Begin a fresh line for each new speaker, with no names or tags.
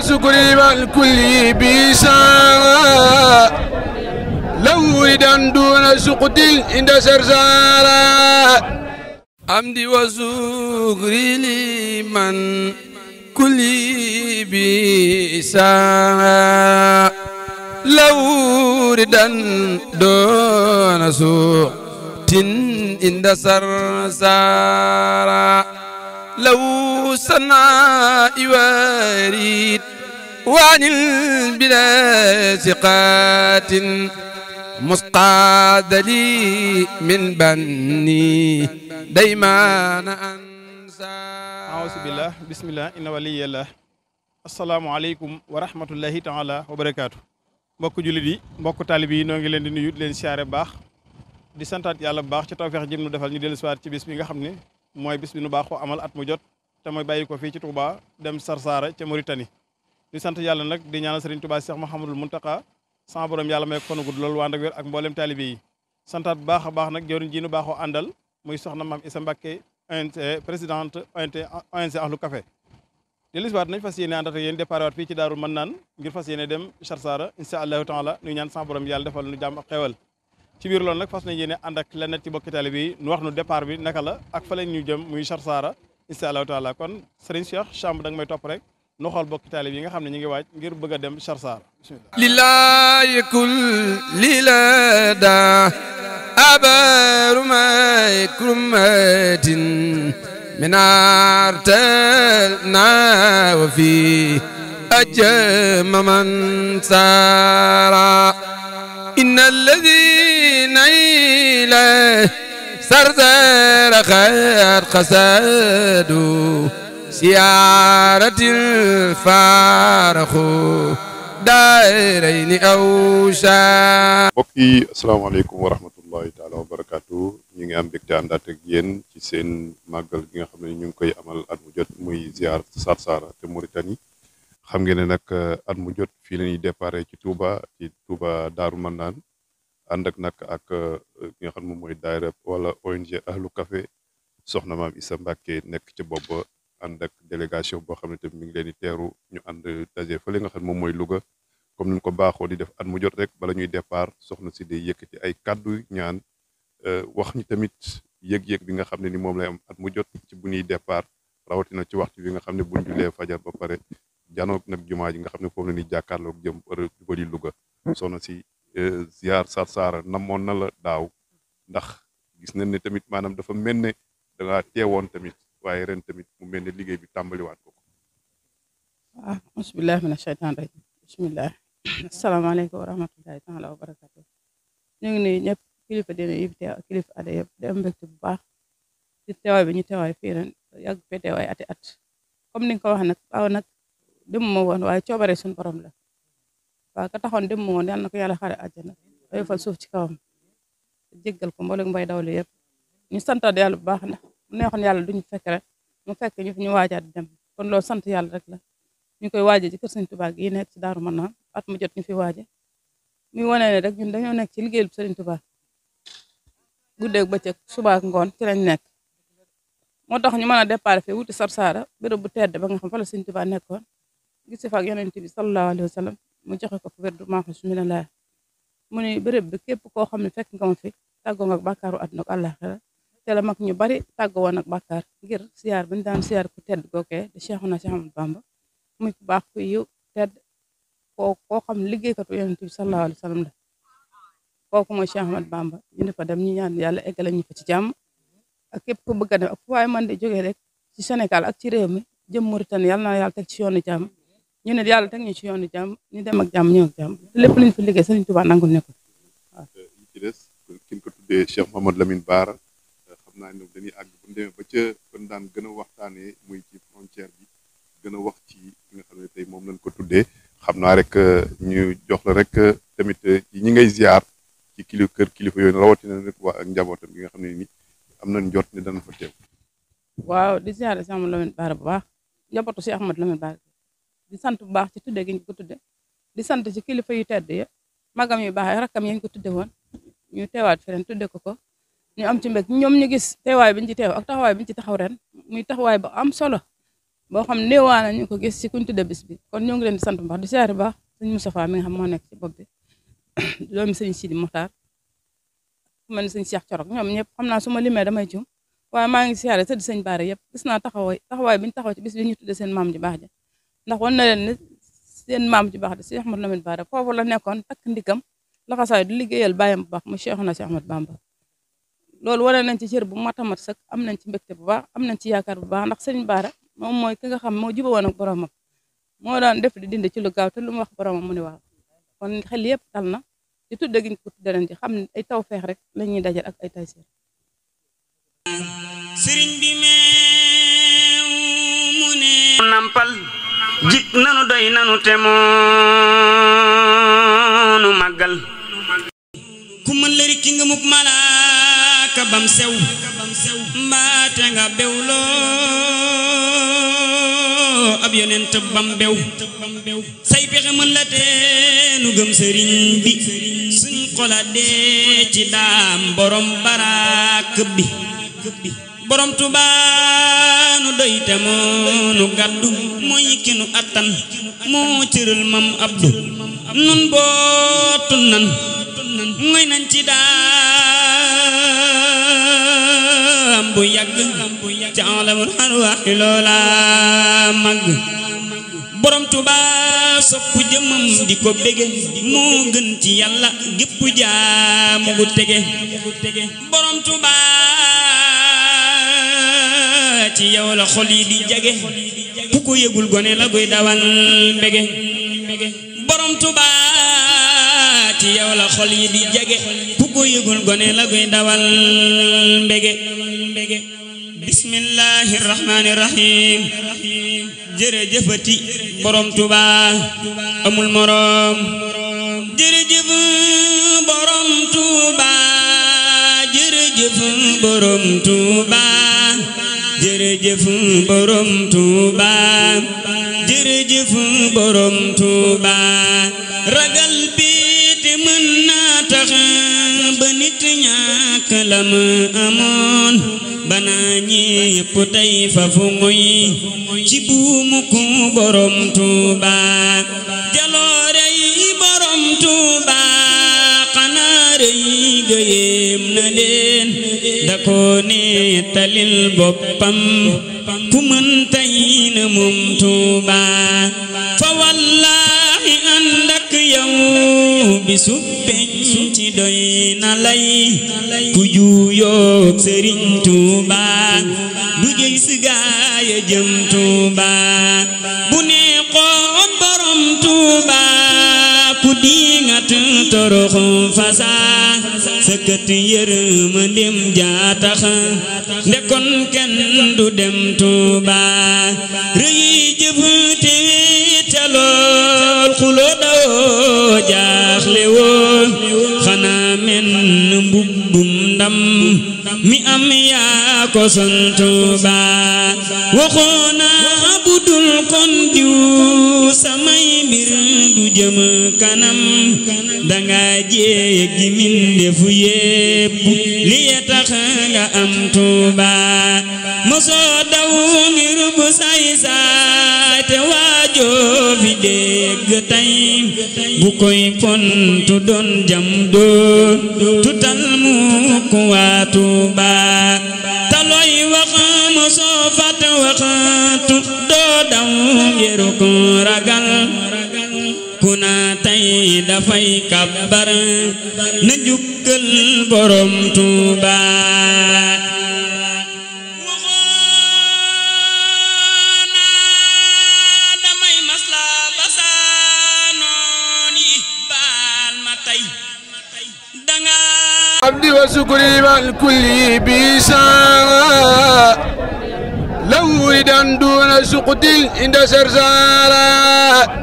شكري مع الكل بيسا لو ولد دون سقط عند سرسالا أمدي وسكري لمن كل بيسا لو ردان دون سقط عند سرسالا لو سنع واريد وعن البلا ثقات مسقاد لي من بني دايما انسى
اعوذ بالله بسم الله ان ولي الله السلام عليكم ورحمه الله تعالى وبركاته مبوك جوليدي مبوك طالبي نوغي لين دي نيو دي لين سياره باخ دي سانتات يالا باخ تي توفيخ جيم نو ديفال ني ديلسوار تي بسمي غا خامني moy bis bi nu baxu amal at mu jot te moy bayiko fi ci Touba dem Sarsara ci Mauritanie di sante yalla nak di ñaanal Serigne Touba Cheikh Mouhamadul muntaka sama borom yalla may ko fan gudd loolu ak wér ak mbollem talibi yi santaat bu baax a ji nu baxu andal, moy soxna mam isa Mbacké ONC presidente ONC ONC Ahlu cafe delis wat nañ fasiyene andat ak yeen départ wat fi ci ngir fasiyene dem Sarsara inshallah taala nu ñaan sama borom yalla defal nu jam ak xewal ci bir lool nak fas nañ andak ànd ak ci bokki taalibe bi nu wax nu départ bi naka la ak fa lañ ñu jëm muy char sara inshallah taala kon Serigne Cheikh chambre dag may top rek nu xol bokki taalibe bi nga xamne ñi ngi waaj ngir bëgg dem char sara
lillahi kul lilada abarumay kurmatin minartelna wa fi ajma man sara innal ladhi نيله سردر خير قسدو سيارة الفارخ دائرين أوشا
بكي السلام عليكم ورحمة الله تعالى وبركاته ñi ngi am mbégte àndaat ak yéen ci seen màggal gi nga xam ñu koy amal at mu jot muy ziar Sarsara te Mauritanie xam ngeen ne nag at mu jot fii la déparé ci Touba ci Touba Daaru Mandaan ànd ak nag ak euh, ki nga xam moom mooy daayira wala ONG Ahlu Café soxna maam Issa Mbacke nekk ci bopp ba ànd délégation boo xam ne tamit mi ngi leen di teeru ñu ànd daje fa li nga xam moom mooy Louga comme ni ñu ko baaxoo di def at mu jot rek bala ñuy départ soxna si day yëkkati ay kàddu ñaan euh, wax ñu tamit yëg-yëg bi nga xam ne ni moom lay am at mu jot ci bu ñuy départ rawatina ci waxtu wi nga xam ne buñ julee fajar ba pare janoog nag jumaa ji nga xam ne foofu la ñuy jàkkaarloog jëm heure jubali hmm. soxna si ziar Sarsara namoon na la daaw ndax gis nañ ne tamit maanaam dafa mel ne da ngaa tamit waaye ren tamit mu mel ne liggéey bi tàmbaliwaat ko.
waaw ah, bismillahi mina shaytaan rajim bismillah asalaamaaleykum wa rahmatullahi taala wa barakatu bu baax ci teewaay bi ñu teewaay fii ren yàgg fee teewaay at comme ni nga ko wax nag waaw nag dem ma woon waaye coobare suñu borom la waaw ka taxoon dem woon yal na ko yàlla xare àjjana ay fa suuf ci kawam jéggal ko mboolem mbay dawli yëpp ñu santaat yàlla bu baax ndax mu neexoon du ñu fekk rek mu fekk ñu fi ñu waajaat dem kon loolu sant yàlla rek la ñu koy waaje ci kër Sëriñ Tuubaa gi nekk ci Daaru Manaan at mu jot ñu fi waaje muy wane ne rek ñun dañoo nekk ci liggéey liggéeyub Sëriñ Tuubaa guddeeg bëccëg suba ak ngoon ci lañ nekk moo tax ñu mën a départ fii wuti Sarsara béréb bu tedd ba nga xam fa la Sëriñ Tuubaa nekkoon gis fa ak Yonent bi sallallahu alayhi wa sallam mu joxe ko fi werdu maa bismillah mu ne béréb bi képp koo xam nga ma fi taggo nak bakaru bàkkaaru àdduna allah xala te la mak ñu bari taggo won ak bàkkaar ngir buñ daan ku tedd cheikh amadou Bamba muy ku bax ku yu tedd ko ko xam liggéeykatu sallallahu alaihi wasallam la koku mo cheikh amadou Bamba ñu fa dem ñu ñaan yalla eggale ñu fa ci jamm ak kep ku bëgg na ak way man de joge rek ci senegal ak ci rew mi jëm mauritania yalla na yalla tek ci yoonu jamm ñu ne yàlla te ñu ci yoonu jàmm ñu dem ak jàmm ñëw ak jàmm lépp luñ fi liggéey Sëriñ Tuubaa nangul ne ko euh,
xam naa ne dañuy àgg ba ca kon daan gën a waxtaane muy ci frontière bi gën a wax ci li nga xam ne moom lañ ko xam naa rek euh, ñu jox la rek euh, tamit ñi ngay ziar ci kilifa kër kilifa yooyu rawatina rek waa ak njabootam gi nga xam ne ni am nañ jot ne dana fa teew.
waaw di ziar Cheikh Mouhamadou Lamine Bara bu baax di sant bu baax ci tudde gi ñu ko tudde di sant ci kilifa yu tedd ya magam yu baax ya, rakam yi ya ñu ko tudde won ñu teewaat fi ren tudde ko ko ñu am ci mbég ñom ñu gis teewaay biñ ci teew ak taxaway biñ ci taxaw ren muy taxaway ba am solo bo xam neewana ñu ko gis ci kuñ tudde bis bi kon ñu ngi leen di sant bu baax di siyaare baax señ Moustapha mi nga xam mo nekk ci bop bi doomi señ Sidi Moxtaar ku mel ni Cheikh torok ñom ñep xamna suma limé damay jum waye ma ngi siyaare tëdd señ Baare yëpp gis na taxaway taxaway biñ taxaw ci bis bi ñu tudde seen mam ji baax ja ndax wan na leen ne seen maam ju baax de Cheikh Ahmadou Lamine Bara foofu la nekkoon takk ndigam laxasaay du liggéeyal bàyyam bu baax mu Cheikh na Cheikh Ahmadou Bamba loolu wane nañ ci cër bu mat a mat sax am nañ ci mbégte bu baax am nañ ci yaakaar bu baax ndax sëñ Bara moom mooy ki nga xam moo jubawoon ak ma moo daan def di dindi ci lu gaaw te lu mu wax boromam mu ne waaw kon xel yëpp dal na di tudde giñ ko xam ne ay taw feex rek la ñuy dajal ak ay tayseer sëriñ jig nanu
doy nanu te moonu màggal ku mën rikki nga muk malaaka bam sew mbaate nga bew loo ab yonent bam bew say pexe mën la teenu gëm sëriñ bi suñ xola dee ci daam borom baraak bi borom tuba nu doy moo nu gàddu mooy ki nu attan moo cëral mam abdu nun bootu nan ngoy nañ ci daam bu yàgg ca alamul arwaaxi loola mag borom tuba sopp jëmmam di ko bége moo gën ci yàlla gépp jaam gu tege ci yow la xol yi di jage ku ko yëgul gone la guy dawal mbege borom tubaa ci yow la xol yi di jage ku gone la guy dawal mbege bismillahi rahmaani rahim borom tubaa amul moroom jërëjëf borom tubaa jërëjëf borom tubaa jërëjëf borom ragal bi te mën naa tax ba nit amoon bana ñépp tey fafu muy ci buumu ku borom Tuuba takkoo ne talil boppam ku mën tay na moom Tuuba fa wallaahi ànd ak yow bisu penc doy na lay ku juuyoog Sëriñ Tuuba du jëy si gaaya jëm Tuuba bu ne ko borom Tuuba ku di jaat toroxu fasa sëkkët yërëma ndim jaatax ndekon kenn du dem Tuuba rëyi jëf te wéetalool xulo daw jaaxle woon xanaa menn mbubbum ndam mi am yaa ko sant ba waxoona bu dul kon diw mbir du jëm kanam danga jéeye gi min defu yépp tax nga am tuuba mosoo daw bu say saa joofi dégg tey bu koy pontu doon jam doo tutal mu ku waatu baa taloy wax ma soo fat waxatu doo daw yeru ko ragal ku naa tey dafay kabbar na jukkal borom Tuubaa
الحمد وشكري مع الكل بيسا لو دون سقط عند سرسالا